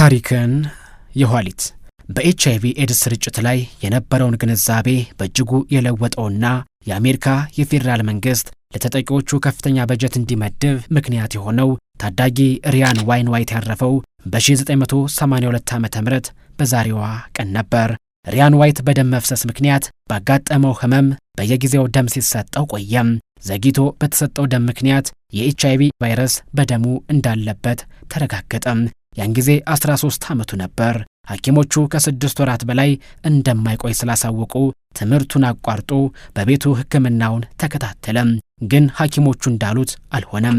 ታሪክን የኋሊት በኤች አይቪ ኤድስ ስርጭት ላይ የነበረውን ግንዛቤ በእጅጉ የለወጠውና የአሜሪካ የፌዴራል መንግስት ለተጠቂዎቹ ከፍተኛ በጀት እንዲመድብ ምክንያት የሆነው ታዳጊ ሪያን ዋይን ዋይት ያረፈው በ1982 ዓ ም በዛሬዋ ቀን ነበር። ሪያን ዋይት በደም መፍሰስ ምክንያት ባጋጠመው ህመም በየጊዜው ደም ሲሰጠው ቆየም። ዘግይቶ በተሰጠው ደም ምክንያት የኤች አይቪ ቫይረስ በደሙ እንዳለበት ተረጋገጠም። ያን ጊዜ 13 ዓመቱ ነበር። ሐኪሞቹ ከስድስት ወራት በላይ እንደማይቆይ ስላሳወቁ ትምህርቱን አቋርጦ በቤቱ ሕክምናውን ተከታተለም። ግን ሐኪሞቹ እንዳሉት አልሆነም።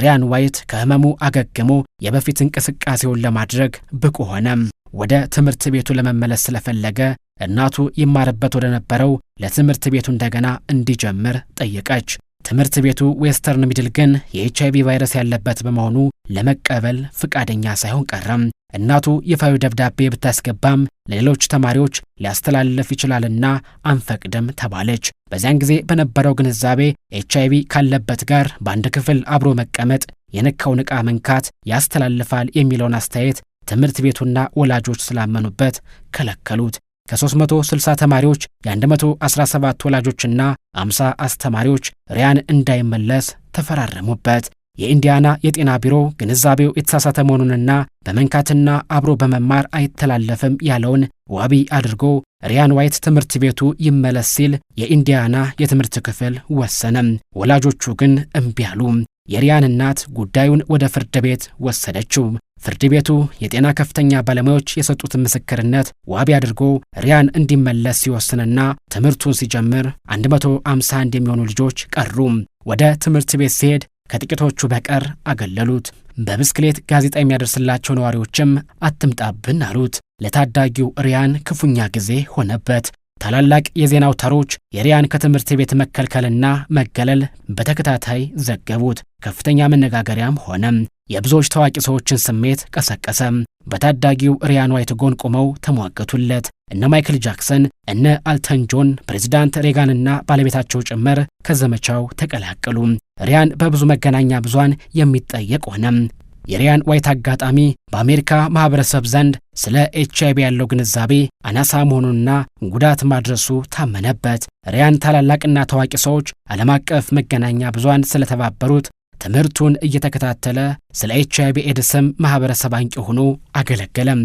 ሪያን ዋይት ከህመሙ አገግሞ የበፊት እንቅስቃሴውን ለማድረግ ብቁ ሆነ። ወደ ትምህርት ቤቱ ለመመለስ ስለፈለገ እናቱ ይማርበት ወደ ነበረው ለትምህርት ቤቱ እንደገና እንዲጀምር ጠየቀች። ትምህርት ቤቱ ዌስተርን ሚድል ግን የኤች አይቪ ቫይረስ ያለበት በመሆኑ ለመቀበል ፍቃደኛ ሳይሆን ቀረም። እናቱ ይፋዊ ደብዳቤ ብታስገባም ለሌሎች ተማሪዎች ሊያስተላልፍ ይችላልና አንፈቅድም ተባለች። በዚያን ጊዜ በነበረው ግንዛቤ ኤች አይቪ ካለበት ጋር በአንድ ክፍል አብሮ መቀመጥ፣ የነካውን ዕቃ መንካት ያስተላልፋል የሚለውን አስተያየት ትምህርት ቤቱና ወላጆች ስላመኑበት ከለከሉት። ከ360 ተማሪዎች የ117 ወላጆችና አምሳ አስተማሪዎች ሪያን እንዳይመለስ ተፈራረሙበት። የኢንዲያና የጤና ቢሮ ግንዛቤው የተሳሳተ መሆኑንና በመንካትና አብሮ በመማር አይተላለፍም ያለውን ዋቢ አድርጎ ሪያን ዋይት ትምህርት ቤቱ ይመለስ ሲል የኢንዲያና የትምህርት ክፍል ወሰነም። ወላጆቹ ግን እምቢ አሉ። የሪያን እናት ጉዳዩን ወደ ፍርድ ቤት ወሰደችው። ፍርድ ቤቱ የጤና ከፍተኛ ባለሙያዎች የሰጡትን ምስክርነት ዋቢ አድርጎ ሪያን እንዲመለስ ሲወስንና ትምህርቱን ሲጀምር 151 የሚሆኑ ልጆች ቀሩም። ወደ ትምህርት ቤት ሲሄድ ከጥቂቶቹ በቀር አገለሉት። በብስክሌት ጋዜጣ የሚያደርስላቸው ነዋሪዎችም አትምጣብን አሉት። ለታዳጊው ሪያን ክፉኛ ጊዜ ሆነበት። ታላላቅ የዜና አውታሮች የሪያን ከትምህርት ቤት መከልከልና መገለል በተከታታይ ዘገቡት። ከፍተኛ መነጋገሪያም ሆነም። የብዙዎች ታዋቂ ሰዎችን ስሜት ቀሰቀሰ። በታዳጊው ሪያን ዋይት ጎን ቆመው ተሟገቱለት። እነ ማይክል ጃክሰን፣ እነ አልተን ጆን፣ ፕሬዚዳንት ሬጋንና ባለቤታቸው ጭምር ከዘመቻው ተቀላቀሉ። ሪያን በብዙ መገናኛ ብዙሃን የሚጠየቅ ሆነ። የሪያን ዋይት አጋጣሚ በአሜሪካ ማህበረሰብ ዘንድ ስለ ኤች አይቪ ያለው ግንዛቤ አናሳ መሆኑንና ጉዳት ማድረሱ ታመነበት። ሪያን ታላላቅና ታዋቂ ሰዎች ዓለም አቀፍ መገናኛ ብዙሃን ስለተባበሩት ትምህርቱን እየተከታተለ ስለ ኤች አይ ቪ ኤድስም ማህበረሰብ አንቂ ሆኖ አገለገለም።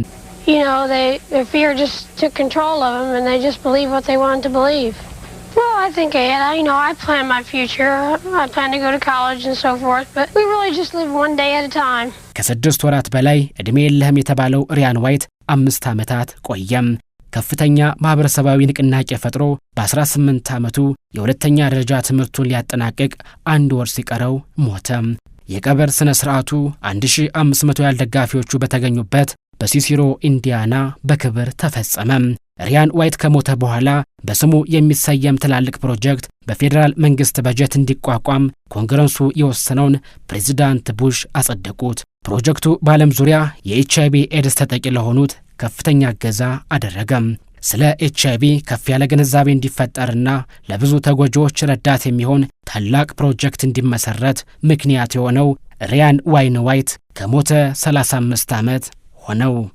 ከስድስት ወራት በላይ ዕድሜ የለህም የተባለው ሪያን ዋይት አምስት ዓመታት ቆየም። ከፍተኛ ማህበረሰባዊ ንቅናቄ ፈጥሮ በ18 ዓመቱ የሁለተኛ ደረጃ ትምህርቱን ሊያጠናቅቅ አንድ ወር ሲቀረው ሞተም። የቀበር ሥነ ሥርዓቱ 1500 ያህል ደጋፊዎቹ በተገኙበት በሲሲሮ ኢንዲያና በክብር ተፈጸመም። ሪያን ዋይት ከሞተ በኋላ በስሙ የሚሰየም ትላልቅ ፕሮጀክት በፌዴራል መንግስት በጀት እንዲቋቋም ኮንግረሱ የወሰነውን ፕሬዚዳንት ቡሽ አጸደቁት። ፕሮጀክቱ በዓለም ዙሪያ የኤችአይቪ ኤድስ ተጠቂ ለሆኑት ከፍተኛ እገዛ አደረገም። ስለ ኤች አይቪ ከፍ ያለ ግንዛቤ እንዲፈጠርና ለብዙ ተጎጂዎች ረዳት የሚሆን ታላቅ ፕሮጀክት እንዲመሰረት ምክንያት የሆነው ሪያን ዋይን ዋይት ከሞተ 35 ዓመት ሆነው።